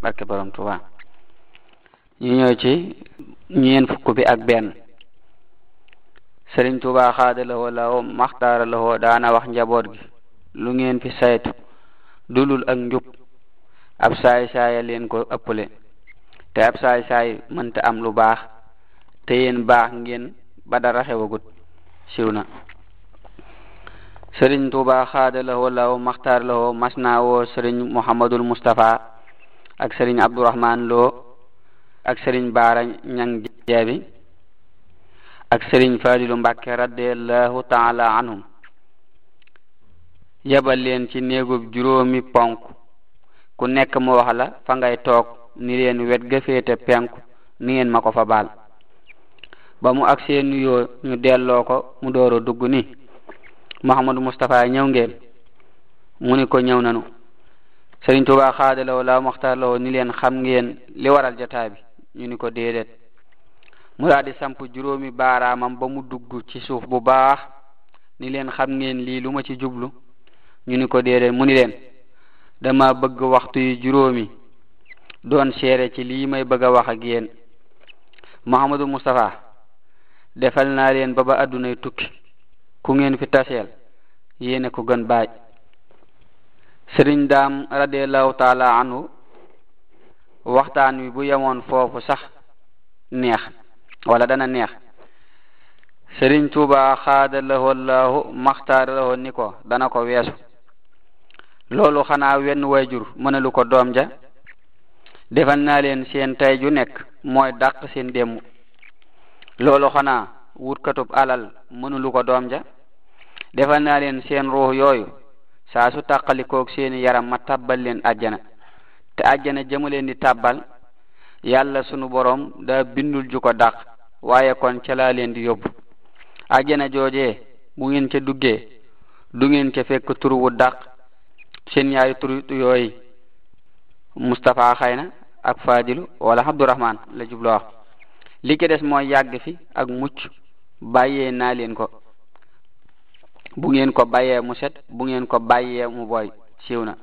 barke borom Tuuba ñu ci ñeen fukk bi ak benn Sëriñ Tuuba xaada lawoo lawo maxtaara lawoo daana wax njaboot gi lu ngeen fi saytu dulul ak njub ab saay saaya leen ko ëpple te ab saay saay mënta am lu baax te yéen baax ngeen ba dara xewagut siw na Sëriñ Tuuba xaada lawoo lawo maxtaara lawoo mas naa woo Sëriñ Muhammadul Mustafa ak sëriñ abdourahman loo ak sëriñ baara ñang jaabi ak sëriñ fadilu mbàkke radiallahu taala anhum yabal leen ci néegu juróomi ponk ku nekk mu wax la fa ngay toog ni leen wet ga féete penku ni ngeen ma ko fa baal ba mu agsee nuyoo ñu delloo ko mu door dugg ni Mouhamadou Moustapha ñëw ngeen mu ni ko ñëw nanu sëriñ Tuubaa xaadalawo laa maxtaarlawo ni leen xam ngeen li waral jataa bi ñu ni ko déedéet mu di samp juróomi baaraamam ba mu dugg ci suuf bu baax ni leen xam ngeen lii lu ma ci jublu ñu ni ko déedéet mu ni leen dama bëgg waxtu yu juróomi doon seere ci lii may bëgg a wax ak yéen Muhammadu Mustafa defal naa leen ba ba yi tukki ku ngeen fi taseel yéene ko gën baaj sëriñ daam radiallahu taala anhu waxtaan wi bu yemoon foofu sax neex wala dana neex sëriñ tuuba xaada lahoo laahu ni ko dana ko weesu loolu xanaa wenn wayjur mënalu ko doom ja defal naa leen seen tey nekk mooy dàq seen démb loolu xanaa wutkatub alal mënulu ko doom ja defal naa leen seen ruux yooyu saa su tàqalikoog seeni yaram ma tàbbal leen ajjana te ajjana jëmaleen di tàbbal yàlla sunu borom daa bindul ju ko dàq waaye kon ca laa leen di yóbbu ajjana joojee bu ngeen ca duggee du ngeen ca fekk tur wu dàq seen ñaari tur yooy Mustapha xëy na ak Fadilu wala Abdourahman la jublu wax li ci des mooy yàgg fi ak mucc bàyyee naa leen ko bu ngeen ko bàyyee mu set bu ngeen ko bàyyee mu booy siiw na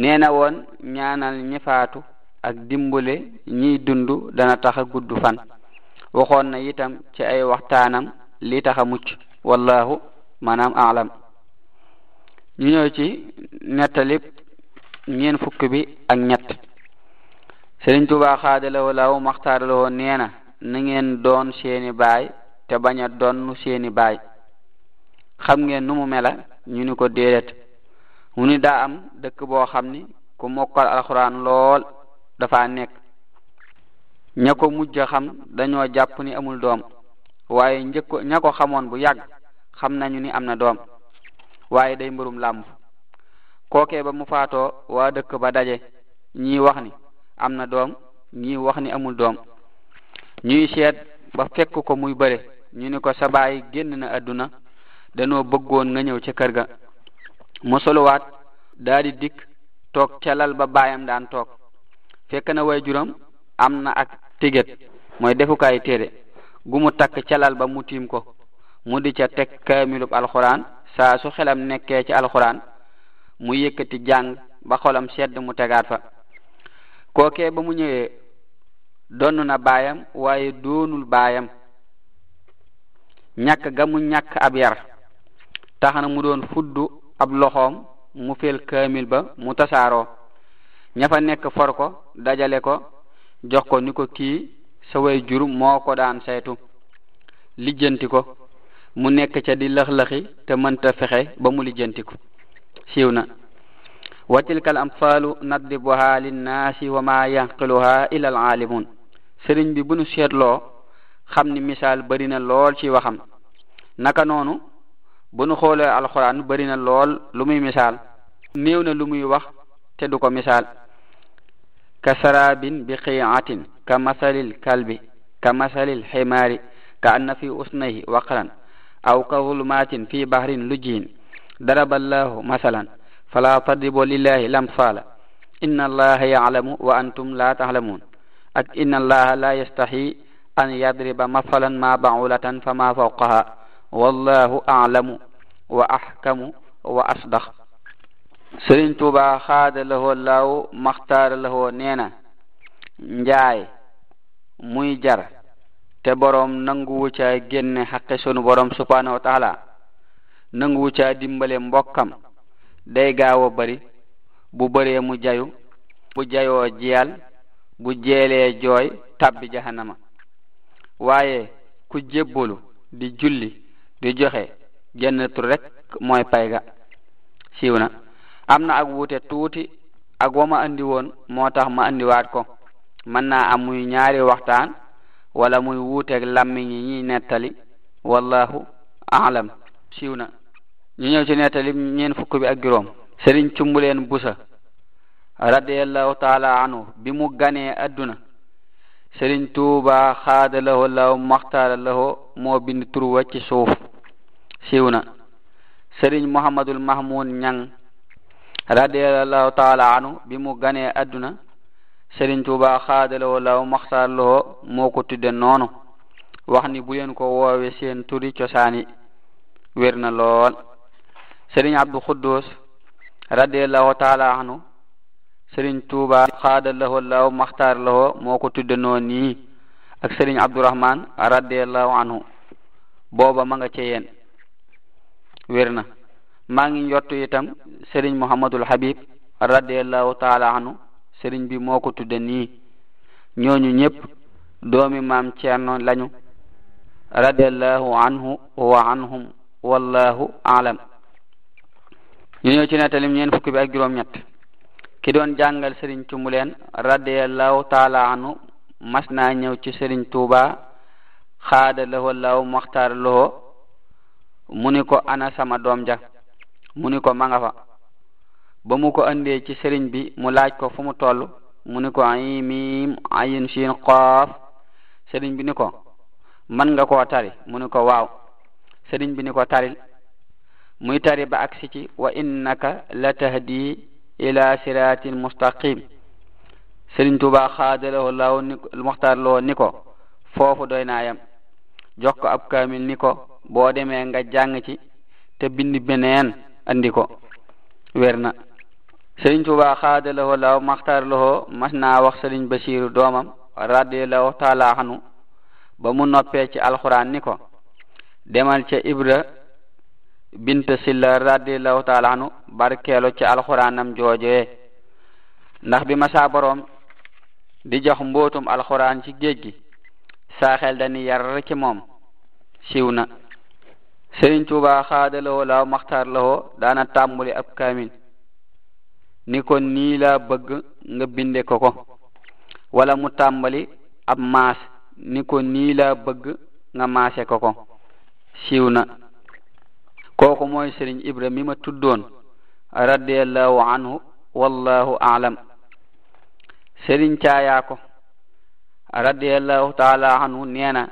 nee na woon ñaanal ñi faatu ak dimbale ñiy dund dana tax a gudd fan waxoon na itam ci ay waxtaanam li tax a mucc wallahu maanaam alam ñu ñëw ci nettalib ñeen fukk bi ak ñett sëriñ tuba xaadalaw law maxtaar la woon nee na na ngeen doon seeni baay te bañ a donn seeni baay xam ngeen nu mu mela ñu ni ko déedéet mu ni daa am dëkk boo xam ni ku mokkal alxuraan lool dafa nekk ña ko mujj xam dañoo jàpp ni amul doom waaye njëkko ña ko xamoon bu yàgg xam nañu ni am na doom waaye day mbërum làmb kooke ba mu faatoo waa dëkk ba daje ñii wax ni am na doom ñii wax ni amul doom ñuy seet ba fekk ko muy bëre ñu ni ko sabaay génn na àdduna danoo bëggoon na ñëw ci kër ga mu soluwaat daa di dikk toog calal ba baayam daan toog fekk na way juram am na ak tiget mooy defukaay téere gu mu takk calal ba mu tiim ko mu di ca teg kaamilub alxuraan saa su xelam nekkee ci alxuraan mu yëkkati jàng ba xolam sedd mu tegaat fa kookee ba mu ñëwee donn na baayam waaye doonul baayam ñàkk ga mu ñàkk ab yar tax na mu doon fuddu ab loxoom mu fel kaamil ba mu tasaaroo ñafa nekk for ko dajale ko jox ko ni ko kii sa way jur moo ko daan saytu lijjanti ko mu nekk ca di lëx-lëxi te mënta fexe ba mu lijjanti ko siiw na wa tilka al amsalu nadribuha linnaasi wa ma yanqiluha illa al aalimun sëriñ bi bu nu seetloo xam ni misaal barina lool ci waxam naka bu nu xoolee alxuraan bari na lool lu muy misaal néew na lu muy wax te du ko misaal ka sarabin bi qiyatin ka masalil kalbi ka masalil ximaari ka anna fi usnayhi waqran aw ka zulmatin fi bahrin lujin daraba allahu masalan fala tadribu lillahi lamsala inna allaha ya'lamu wa antum la ta'lamun ak inna allaha la yastahi an yadriba masalan ma ba'ulatan fama fawqaha wallahu aalamu wa ahkamu wa asdax sëriñ tuuba xaada lahoo laaw maxtaara lahoo nee na njaay muy jar te boroom nanguwu caa génne xaqi sunu boroom subhanahu wa taala nanguwu caa dimbale mbokkam day gaaw a bari bu bëree mu jayu bu jayoo jiyal bu jeelee jooy tabbi jahannama waaye ku jébbalu di julli di joxe jenn tur rek mooy payga siiw na am na ak wuute tuuti ak wa ma andi woon moo tax ma andiwaat ko mën naa am muy ñaari waxtaan wala muy wuuteeg lammiñ yi ñuy nettali wallahu alam siiw na ñu ñëw nettali ñeen fukk bi ak juróom sëriñ cumbuleen busa radiallahu taala anhu bi mu ganee adduna sëriñ tuuba xaada lahoo law maxtaara moo bind turwa ci suuf siiw na sëriñ muhammadul mahmud ñang radiallahu taala anhu bi mu ganee adduna sëriñ tuuba xaada lahoo law maxtaara lahoo moo ko noonu wax ni bu leen ko woowe seen turi cosaani wér na lool sëriñ abdu xuddus radiallahu taala anhu sëriñ tuuba xaada lahoo law lahoo moo ko tudde noon nii ak sëriñ abdourahman radiallahu anhu booba ma nga ca yéen ngi njottu itam sëriñ muhammadul habib radiallahu taala anhu sëriñ bi moo ko tudde nii ñooñu ñépp doomi maam ceerno lañu radiallahu anhu wa anhum wallahu alam ñu ci nettalim ñeen fukki bi ak juróom ñett ki doon jàngal sëriñ cumuleen radiallahu taala anu mas naa ñëw ci sëriñ tuuba xaada lawo law moxtaar loo mu ni ko ana sama doom ja mu ni ko ma nga fa ba mu ko andee ci sëriñ bi mu laaj ko fu mu toll mu ni ko aymim ayin siin xoof sëriñ bi ni ko man nga koo tari mu ni ko waaw sëriñ bi ni ko taril muy tari ba agsi ci wa innaka la tahdi إلى صراط مستقيم Sëriñ Tuuba xaadalahu llahu ni almuxtaar loo ni ko foofu doy naa yam jox ko ab kaamil ni ko boo demee nga jàng ci te bind beneen andi ko wer na Sëriñ Tuuba xaadalahu llahu maxtaar wax Sëriñ Basiiru doomam radiallahu taala anu ba mu noppee ci alxuraan ni demal ca ibra bint silla radiallahu taala anu barkeelu ci alxuraanam jooje ndax bi ma saa di jox mbootum alxuraan ci géej gi saa xel dani yar ci moom siiw na Sëriñ Tuubaa xaadalawoo laaw maxtaar lawoo daana tàmbuli ab kaamil ni ko nii bëgg nga binde ko wala mu tàmbali ab maas ni ko nii bëgg nga maase ko ko siiw na koko moy serigne ibrahim mima tuddon radiyallahu anhu wallahu a'lam serigne tiaya ko radiyallahu ta'ala anhu neena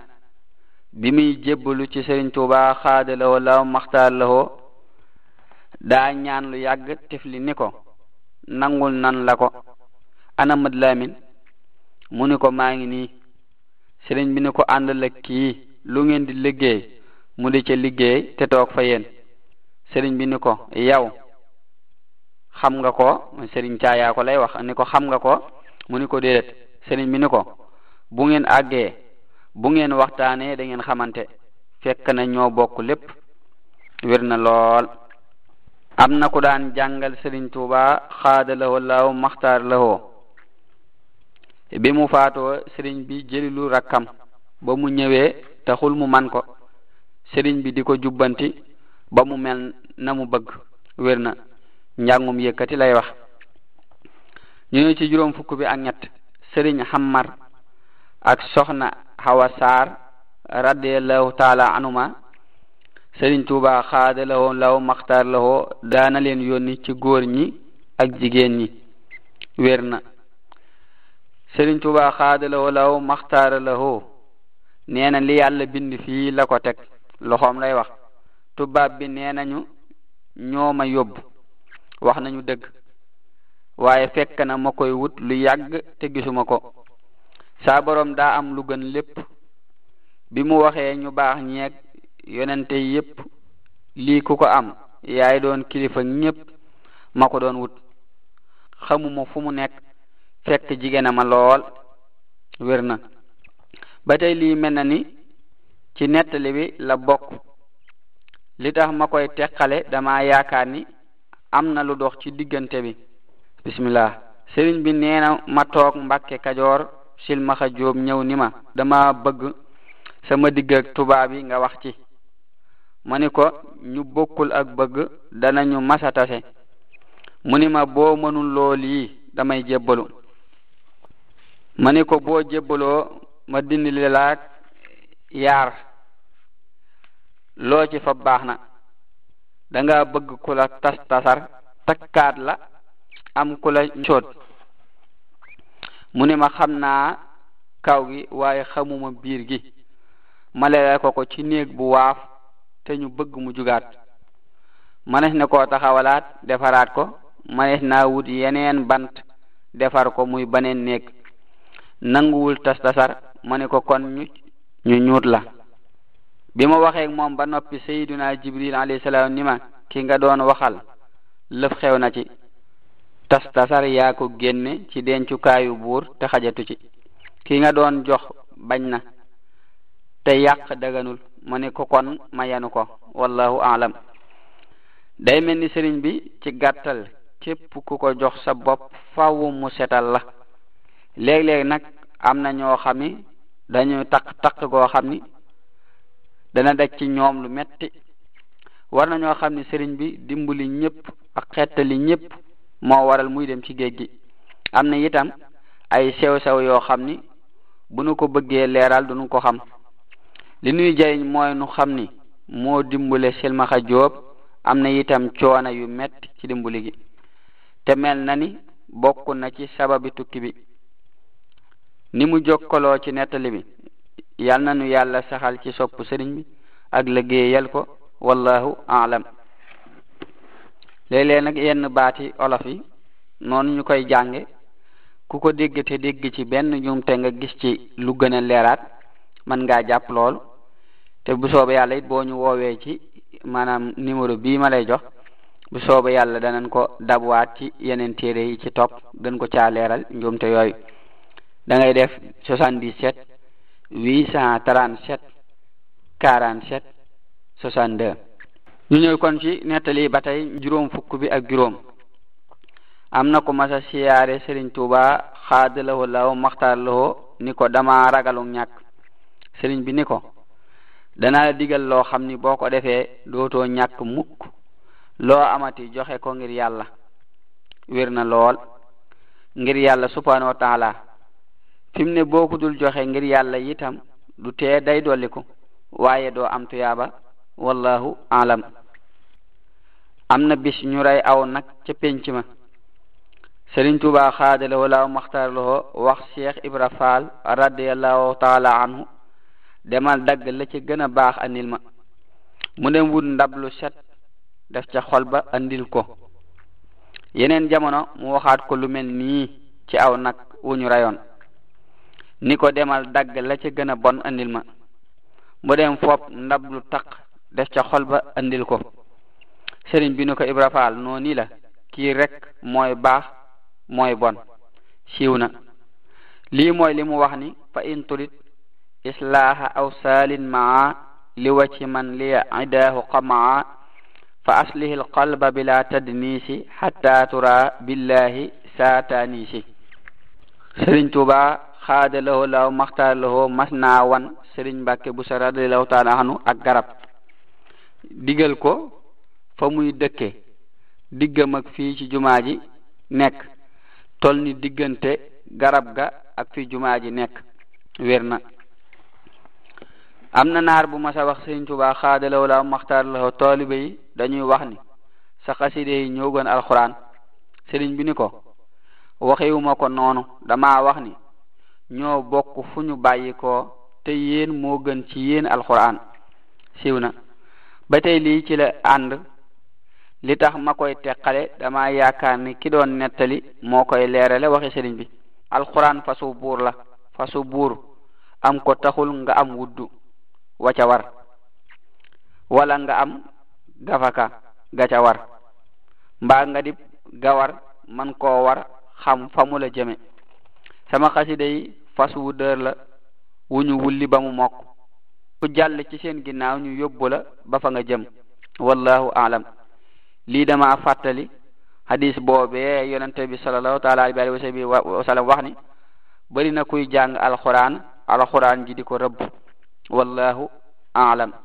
bimi jeblu ci serigne touba khadalahu la makhtar lahu da ñaan lu yàgg tifli ni ko nangul nan la ko ana madlamin mu ni ko maa ngi nii sëriñ bi ni ko ànd la kii lu ngeen di liggéey mu di ca liggéey te toog fa yéen sëriñ bi ni ko yow xam nga ko sëriñ caayaa ko lay wax ni ko xam nga ko mu ni ko déedéet bi ni ko bu ngeen àggee bu ngeen waxtaanee da ngeen xamante fekk na ñoo bokk lépp wér na lool am na ku daan jàngal sëriñ tuuba xaada lahoo laaw maxtaar lahoo bi mu faatoo sëriñ bi jëlilu rakkam ba mu ñëwee taxul mu man ko sëriñ bi di ko jubbanti ba mu mel na mu bëgg wér na njàngum yëkkati lay wax ñu ñu ci juróom fukk bi ak ñett sëriñ xam xammar ak soxna xawa saar radiallahu taala anuma sëriñ tuuba xaada lawoo law maxtaar lawoo daana leen yónni ci góor ñi ak jigéen ñi wér na sëriñ tuuba xaada lawoo law maxtaar lawoo nee na li yàlla bind fii la ko teg loxoom lay wax tubaab bi nee nañu ñooma yóbbu wax nañu dëgg waaye fekk na ma koy wut lu yàgg te gisuma ko saa boroom daa am lu gën lépp bi mu waxee ñu baax ñeeg yonente yépp lii ku ko am yaay doon kilifa ñépp ma ko doon wut xamuma fu mu nekk fekk jigéena ma lool wér na ba tey lii mel na ni ci nettali bi la bokk li tax ma koy teqale dama yaakaar ni am na lu dox ci diggante bi bismillah sëriñ bi nee na ma toog Mbàkke Kajoor silmaxa jóob ñëw ni ma dama bëgg sama digg ak tubaab yi nga wax ci ma ni ko ñu bokkul ak bëgg danañu masa tase mu ni ma boo mënul lool yi damay jébbalu ma ni ko boo jébbaloo ma dindile laak yaar loo ci fa baax na danga bëgg ku la tas tasar takkaat la am ku la coot mu ne ma xam naa kaw gi waaye xamuma biir gi ma leeral ko ko ci néeg bu waaf te ñu bëgg mu jugaat manes ne ko taxawalaat defaraat ko manes naa wut yeneen bant defar ko muy baneen néeg nanguwul tas tasar ma ne ko kon ñu ñu ñuut la bi ma waxee moom ba noppi sayyiduna jibril alayhi salaam ni ma ki nga doon waxal lëf xew na ci tas tasar yaa ko génne ci dencukaayu buur te xajatu ci ki nga doon jox bañ na te yàq daganul mu ne ko kon ma yanu ko wallahu alam day mel ni sëriñ bi ci gàttal képp ku ko jox sa bopp fawu mu setal la léeg-léeg nag am na ñoo xam ni dañu takk takk goo xam ni dana daj ci ñoom lu metti war na ñoo xam ne sëriñ bi dimbali ñëpp ak xettali ñëpp moo waral muy dem ci géej gi am na itam ay sew-sew yoo xam ni bu nu ko bëggee leeral du nu ko xam li nuy jëriñ mooy nu xam ni moo dimbale silmaxa jóob am na itam coona yu metti ci dimbali gi te mel na ni bokk na ci sababi tukki bi ni mu jokkaloo ci nettali bi yal na nu yàlla saxal ci sopp sëriñ bi ak yal ko wallahu alam léeg-léeg nag yenn baati olof yi noonu ñu koy jànge ku ko dégg te dégg ci benn jumte nga gis ci lu gën a leeraat mën ngaa jàpp loolu te bu soobee yàlla it boo ñu woowee ci maanaam numéro bii ma lay jox bu soobee yàlla danañ ko dabwaat ci yeneen téere yi ci topp gën ko caa leeral njuumte yooyu da ngay def 77 huit cent trente sept quarante sept soixante deux ñu ñëw kon ci nettali ba tey juróom fukk bi ak juróom am na ku masa siyaare Sëriñ Tuuba xaadalawoo law maxtaar lawoo ni ko dama ragalum ñàkk sëriñ bi ni ko dana digal loo xam ni boo ko defee dootoo ñàkk mukk loo amati joxe ko ngir yàlla wirna lool ngir yàlla subhanahu wa fi mu ne boo ko dul joxe ngir yàlla itam du tee day dolli ko waaye doo am tuyaaba wallahu alam am na bis ñu rey aw nag ca penc ma Sëriñ Tuubaa xaadalawoo laaw maxtaaralowoo wax Cheikh Ibra Faal radiallahu taala anhu demal dagg la ci gën a baax andil ma mu ne wut ndab lu set def ca xol ba andil ko yeneen jamono mu waxaat ko lu mel nii ci aw nag wu ñu rayoon ni ko demal dagg la ca gën a bon andil ma mu dem fopp ndab lu taq def ca ba andil ko sëriñ bi ni ko Ibra Faal noo nii la kii rek mooy baax mooy bon siiw na lii mooy li mu wax ni fa in turit islaaha aw saalin li waci man liya idaahu qamaa fa aslihi alqalba bila tadniisi hatta tura billahi saataniisi sëriñ Tuubaa xaada lahoo laaw maxtaar lahoo mas naa wan sëriñ mbàkke bu sa radiallahu taala anu ak garab digal ko fa muy dëkke diggam ak fii ci jumaa ji nekk tol ni diggante garab ga ak fi jumaa ji nekk wér na am na naar bu mas wax sëriñ Tuubaa xaada lahoo laaw maxtaar lahoo taalibe yi dañuy wax ni sa xaside yi ñoo gën alxuraan sëriñ bi ni ko waxewuma ko noonu dama wax ni ñoo bokk fu ñu bàyyi ko te yéen moo gën ci yéen alxuraan siiw na ba tey lii ci la ànd li tax ma koy teqale dama yaakaar ni ki doon nettali moo koy leerale waxi sëriñ bi alquran fasu buur la fasu buur am ko taxul nga am wuddu wa ca war wala nga am gafaka ga ca war mbaa nga dib gawar man koo war xam fa mu sama xasida yi fas wu dër la wu ñu wulli ba mu mokk ku jàll ci seen ginnaaw ñu yóbbu la ba fa jëm wallahu alam lii dama fàttali hadis boobee yonente bi salallahu taala alayhi wa sallam wax ni bari na kuy jàng alxuraan alxuraan ji di ko rëbb wallahu alam